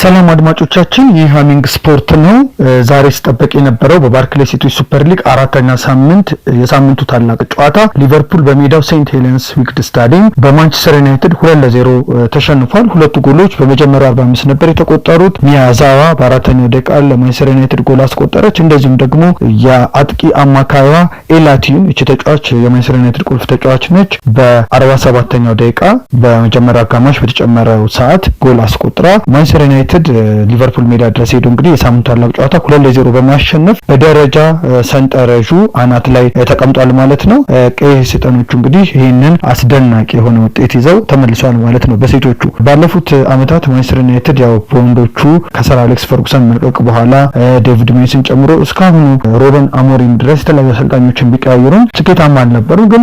ሰላም አድማጮቻችን፣ ይህ ሃሚንግ ስፖርት ነው። ዛሬ ሲጠበቅ የነበረው በባርክሌ ሴቶች ሱፐር ሊግ አራተኛ ሳምንት የሳምንቱ ታላቅ ጨዋታ ሊቨርፑል በሜዳው ሴንት ሄለንስ ዊክድ ስታዲየም በማንቸስተር ዩናይትድ ሁለት ለዜሮ ተሸንፏል። ሁለቱ ጎሎች በመጀመሪያው አርባ አምስት ነበር የተቆጠሩት። ሚያዛዋ በአራተኛው ደቂቃ ለማንቸስተር ዩናይትድ ጎል አስቆጠረች። እንደዚሁም ደግሞ የአጥቂ አማካይዋ ኤላቲን እች ተጫዋች የማንቸስተር ዩናይትድ ቁልፍ ተጫዋች ነች። በአርባ ሰባተኛው ደቂቃ በመጀመሪያው አጋማሽ በተጨመረው ሰዓት ጎል አስቆጥራ ማንቸስተር ዩናይትድ ዩናይትድ ሊቨርፑል ሜዳ ድረስ ሄዶ እንግዲህ የሳምንቱ ታላቅ ጨዋታ ሁለት ለዜሮ በማሸነፍ በደረጃ ሰንጠረዡ አናት ላይ ተቀምጧል ማለት ነው። ቀይ ሰይጣኖቹ እንግዲህ ይህንን አስደናቂ የሆነ ውጤት ይዘው ተመልሷል ማለት ነው። በሴቶቹ ባለፉት አመታት ማንቸስተር ዩናይትድ ያው በወንዶቹ ከሰር አሌክስ ፈርጉሰን መልቀቅ በኋላ ዴቪድ ሜይስን ጨምሮ እስካሁኑ ሮበን አሞሪም ድረስ የተለያዩ አሰልጣኞችን ቢቀያየሩም ስኬታማ አልነበሩ። ግን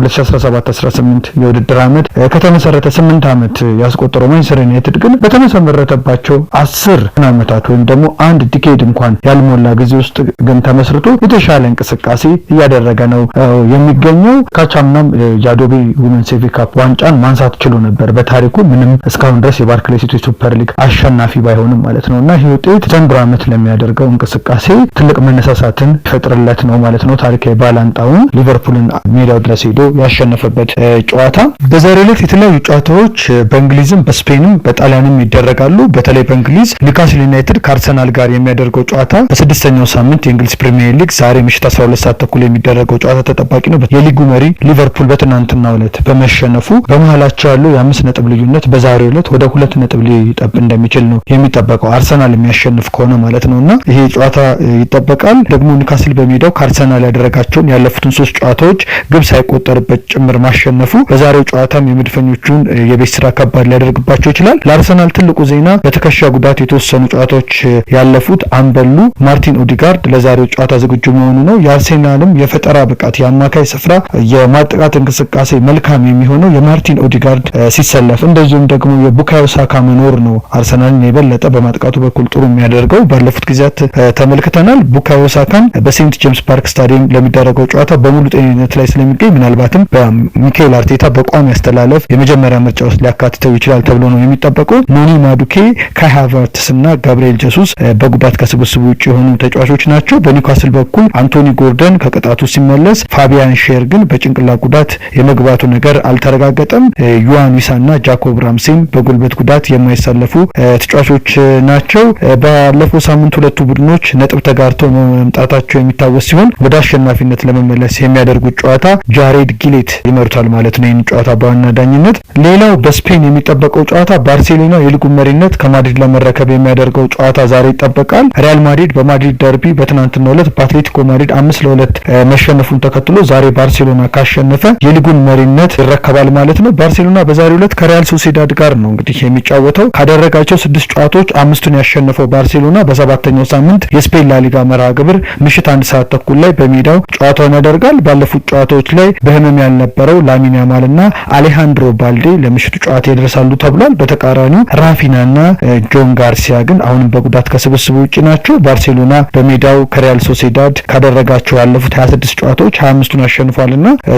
2017/18 የውድድር ዓመት ከተመሰረተ ስምንት ዓመት ያስቆጠረው ማንቸስተር ዩናይትድ ግን በተመሰረተባቸው በሚያስፈልጋቸው አስር ዓመታት ወይም ደግሞ አንድ ዲኬድ እንኳን ያልሞላ ጊዜ ውስጥ ግን ተመስርቶ የተሻለ እንቅስቃሴ እያደረገ ነው የሚገኘው። ካቻምናም የአዶቤ ዊመን ሴቪ ካፕ ዋንጫን ማንሳት ችሎ ነበር በታሪኩ ምንም እስካሁን ድረስ የባርክሌ ሴቶች ሱፐር ሊግ አሸናፊ ባይሆንም ማለት ነው እና ይህ ውጤት ዘንድሮ ዓመት ለሚያደርገው እንቅስቃሴ ትልቅ መነሳሳትን ይፈጥርለት ነው ማለት ነው። ታሪካዊ ባላንጣውን ሊቨርፑልን ሜዳው ድረስ ሄዶ ያሸነፈበት ጨዋታ። በዛሬው ዕለት የተለያዩ ጨዋታዎች በእንግሊዝም በስፔንም በጣሊያንም ይደረጋሉ። በተለይ በእንግሊዝ ኒውካስል ዩናይትድ ከአርሰናል ጋር የሚያደርገው ጨዋታ በስድስተኛው ሳምንት የእንግሊዝ ፕሪሚየር ሊግ ዛሬ ምሽት 12 ሰዓት ተኩል የሚደረገው ጨዋታ ተጠባቂ ነው። የሊጉ መሪ ሊቨርፑል በትናንትና ዕለት በመሸነፉ በመሀላቸው ያለው የአምስት ነጥብ ልዩነት በዛሬው ዕለት ወደ ሁለት ነጥብ ሊጠብ እንደሚችል ነው የሚጠበቀው አርሰናል የሚያሸንፍ ከሆነ ማለት ነው እና ይሄ ጨዋታ ይጠበቃል። ደግሞ ኒውካስል በሜዳው ከአርሰናል ያደረጋቸውን ያለፉትን ሶስት ጨዋታዎች ግብ ሳይቆጠርበት ጭምር ማሸነፉ በዛሬው ጨዋታም የመድፈኞቹን የቤት ስራ ከባድ ሊያደርግባቸው ይችላል። ለአርሰናል ትልቁ ዜና በትከሻ ጉዳት የተወሰኑ ጨዋታዎች ያለፉት አምበሉ ማርቲን ኦዲጋርድ ለዛሬው ጨዋታ ዝግጁ መሆኑ ነው። የአርሴናልም የፈጠራ ብቃት የአማካይ ስፍራ የማጥቃት እንቅስቃሴ መልካም የሚሆነው የማርቲን ኦዲጋርድ ሲሰለፍ እንደዚሁም ደግሞ የቡካዮ ሳካ መኖር ነው አርሰናልን የበለጠ በማጥቃቱ በኩል ጥሩ የሚያደርገው ባለፉት ጊዜያት ተመልክተናል። ቡካዮ ሳካን በሴንት ጄምስ ፓርክ ስታዲየም ለሚደረገው ጨዋታ በሙሉ ጤንነት ላይ ስለሚገኝ ምናልባትም በሚካኤል አርቴታ በቋሚ አስተላለፍ የመጀመሪያ ምርጫ ውስጥ ሊያካትተው ይችላል ተብሎ ነው የሚጠበቀው። ኖኒ ማዱኬ ካይ ሃቨርትስ እና ጋብርኤል ጀሱስ በጉባት ከስብስቡ ውጭ የሆኑ ተጫዋቾች ናቸው። በኒውካስል በኩል አንቶኒ ጎርደን ከቅጣቱ ሲመለስ፣ ፋቢያን ሼር ግን በጭንቅላ ጉዳት የመግባቱ ነገር አልተረጋገጠም። ዩዋን ዊሳ እና ጃኮብ ራምሴም በጉልበት ጉዳት የማይሳለፉ ተጫዋቾች ናቸው። ባለፈው ሳምንት ሁለቱ ቡድኖች ነጥብ ተጋርተው መምጣታቸው የሚታወስ ሲሆን ወደ አሸናፊነት ለመመለስ የሚያደርጉት ጨዋታ ጃሬድ ጊሌት ይመሩታል ማለት ነው። ይህን ጨዋታ በዋና ዳኝነት ሌላው በስፔን የሚጠበቀው ጨዋታ ባርሴሎና የሊጉ መሪነት ከማ ማድሪድ ለመረከብ የሚያደርገው ጨዋታ ዛሬ ይጠበቃል። ሪያል ማድሪድ በማድሪድ ደርቢ በትናንትናው ዕለት በአትሌቲኮ ማድሪድ አምስት ለሁለት መሸነፉን ተከትሎ ዛሬ ባርሴሎና ካሸነፈ የሊጉን መሪነት ይረከባል ማለት ነው። ባርሴሎና በዛሬው ዕለት ከሪያል ሶሴዳድ ጋር ነው እንግዲህ የሚጫወተው። ካደረጋቸው ስድስት ጨዋታዎች አምስቱን ያሸነፈው ባርሴሎና በሰባተኛው ሳምንት የስፔን ላሊጋ መርሃ ግብር ምሽት አንድ ሰዓት ተኩል ላይ በሜዳው ጨዋታውን ያደርጋል። ባለፉት ጨዋታዎች ላይ በህመም ያልነበረው ላሚን ያማል አሌሃንድሮ ባልዴ ለምሽቱ ጨዋታ ይደርሳሉ ተብሏል። በተቃራኒው ራፊና ና ጆን ጋርሲያ ግን አሁንም በጉዳት ከስብስቡ ውጭ ናቸው። ባርሴሎና በሜዳው ከሪያል ሶሴዳድ ካደረጋቸው ያለፉት ሀያ ስድስት ጨዋታዎች ሀያ አምስቱን አሸንፏል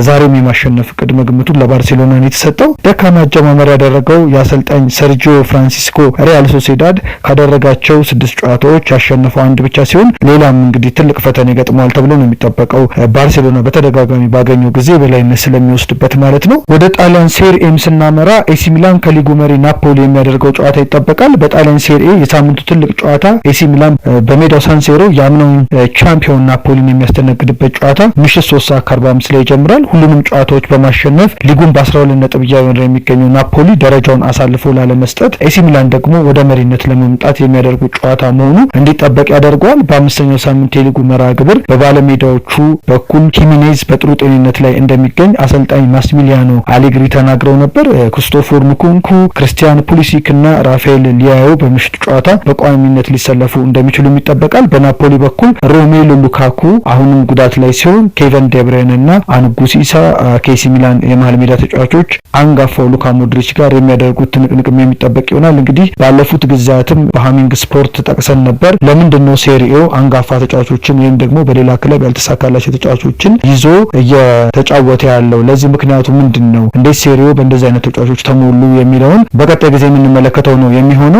ዛሬም የማሸነፍ ቅድመ ግምቱን ለባርሴሎና ነው የተሰጠው። ደካማ አጀማመር ያደረገው የአሰልጣኝ ሰርጂዮ ፍራንሲስኮ ሪያል ሶሴዳድ ካደረጋቸው ስድስት ጨዋታዎች ያሸነፈው አንድ ብቻ ሲሆን ሌላም እንግዲህ ትልቅ ፈተና ይገጥመዋል ተብሎ ነው የሚጠበቀው። ባርሴሎና በተደጋጋሚ ባገኘው ጊዜ በላይነት ስለሚወስድበት ማለት ነው። ወደ ጣሊያን ሴር ኤም ስናመራ ኤሲ ሚላን ከሊጉ መሪ ናፖሊ የሚያደርገው ጨዋታ ይጠበቃል። በጣሊያን ሴሪኤ የሳምንቱ ትልቅ ጨዋታ ኤሲ ሚላን በሜዳው ሳንሴሮ የአምናውን ቻምፒዮን ናፖሊን የሚያስተናግድበት ጨዋታ ምሽት ሶስት ሰዓት ከአርባ አምስት ላይ ይጀምራል። ሁሉንም ጨዋታዎች በማሸነፍ ሊጉን በአስራ ሁለት ነጥብ እየመራ የሚገኘው ናፖሊ ደረጃውን አሳልፎ ላለመስጠት፣ ኤሲ ሚላን ደግሞ ወደ መሪነት ለመምጣት የሚያደርጉት ጨዋታ መሆኑ እንዲጠበቅ ያደርገዋል። በአምስተኛው ሳምንት የሊጉ መርሃ ግብር በባለሜዳዎቹ በኩል ኪሚኔዝ በጥሩ ጤንነት ላይ እንደሚገኝ አሰልጣኝ ማስሚሊያኖ አሌግሪ ተናግረው ነበር። ክሪስቶፎር ሙኩንኩ፣ ክርስቲያን ፑሊሲክ እና ራፋኤል በሊያዮ በምሽቱ ጨዋታ በቋሚነት ሊሰለፉ እንደሚችሉም ይጠበቃል። በናፖሊ በኩል ሮሜሎ ሉካኩ አሁንም ጉዳት ላይ ሲሆን ኬቨን ደብሬን እና አንጉሲሳ ኬሲ ሚላን የመሀል ሜዳ ተጫዋቾች አንጋፋው ሉካ ሞድሪች ጋር የሚያደርጉት ትንቅንቅም የሚጠበቅ ይሆናል። እንግዲህ ባለፉት ጊዜያትም በሀሚንግ ስፖርት ጠቅሰን ነበር። ለምንድን ነው አንጋፋ ተጫዋቾችን ወይም ደግሞ በሌላ ክለብ ያልተሳካላቸው ተጫዋቾችን ይዞ እየተጫወተ ያለው? ለዚህ ምክንያቱ ምንድን ነው? እንዴት ሴሪኦ በእንደዚህ አይነት ተጫዋቾች ተሞሉ? የሚለውን በቀጣይ ጊዜ የምንመለከተው ነው የሚሆነው።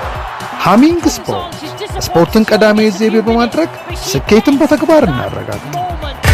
ሃሚንግ ስፖርት ስፖርትን ቀዳሚ ዘይቤ በማድረግ ስኬትን በተግባር እናረጋግጥ።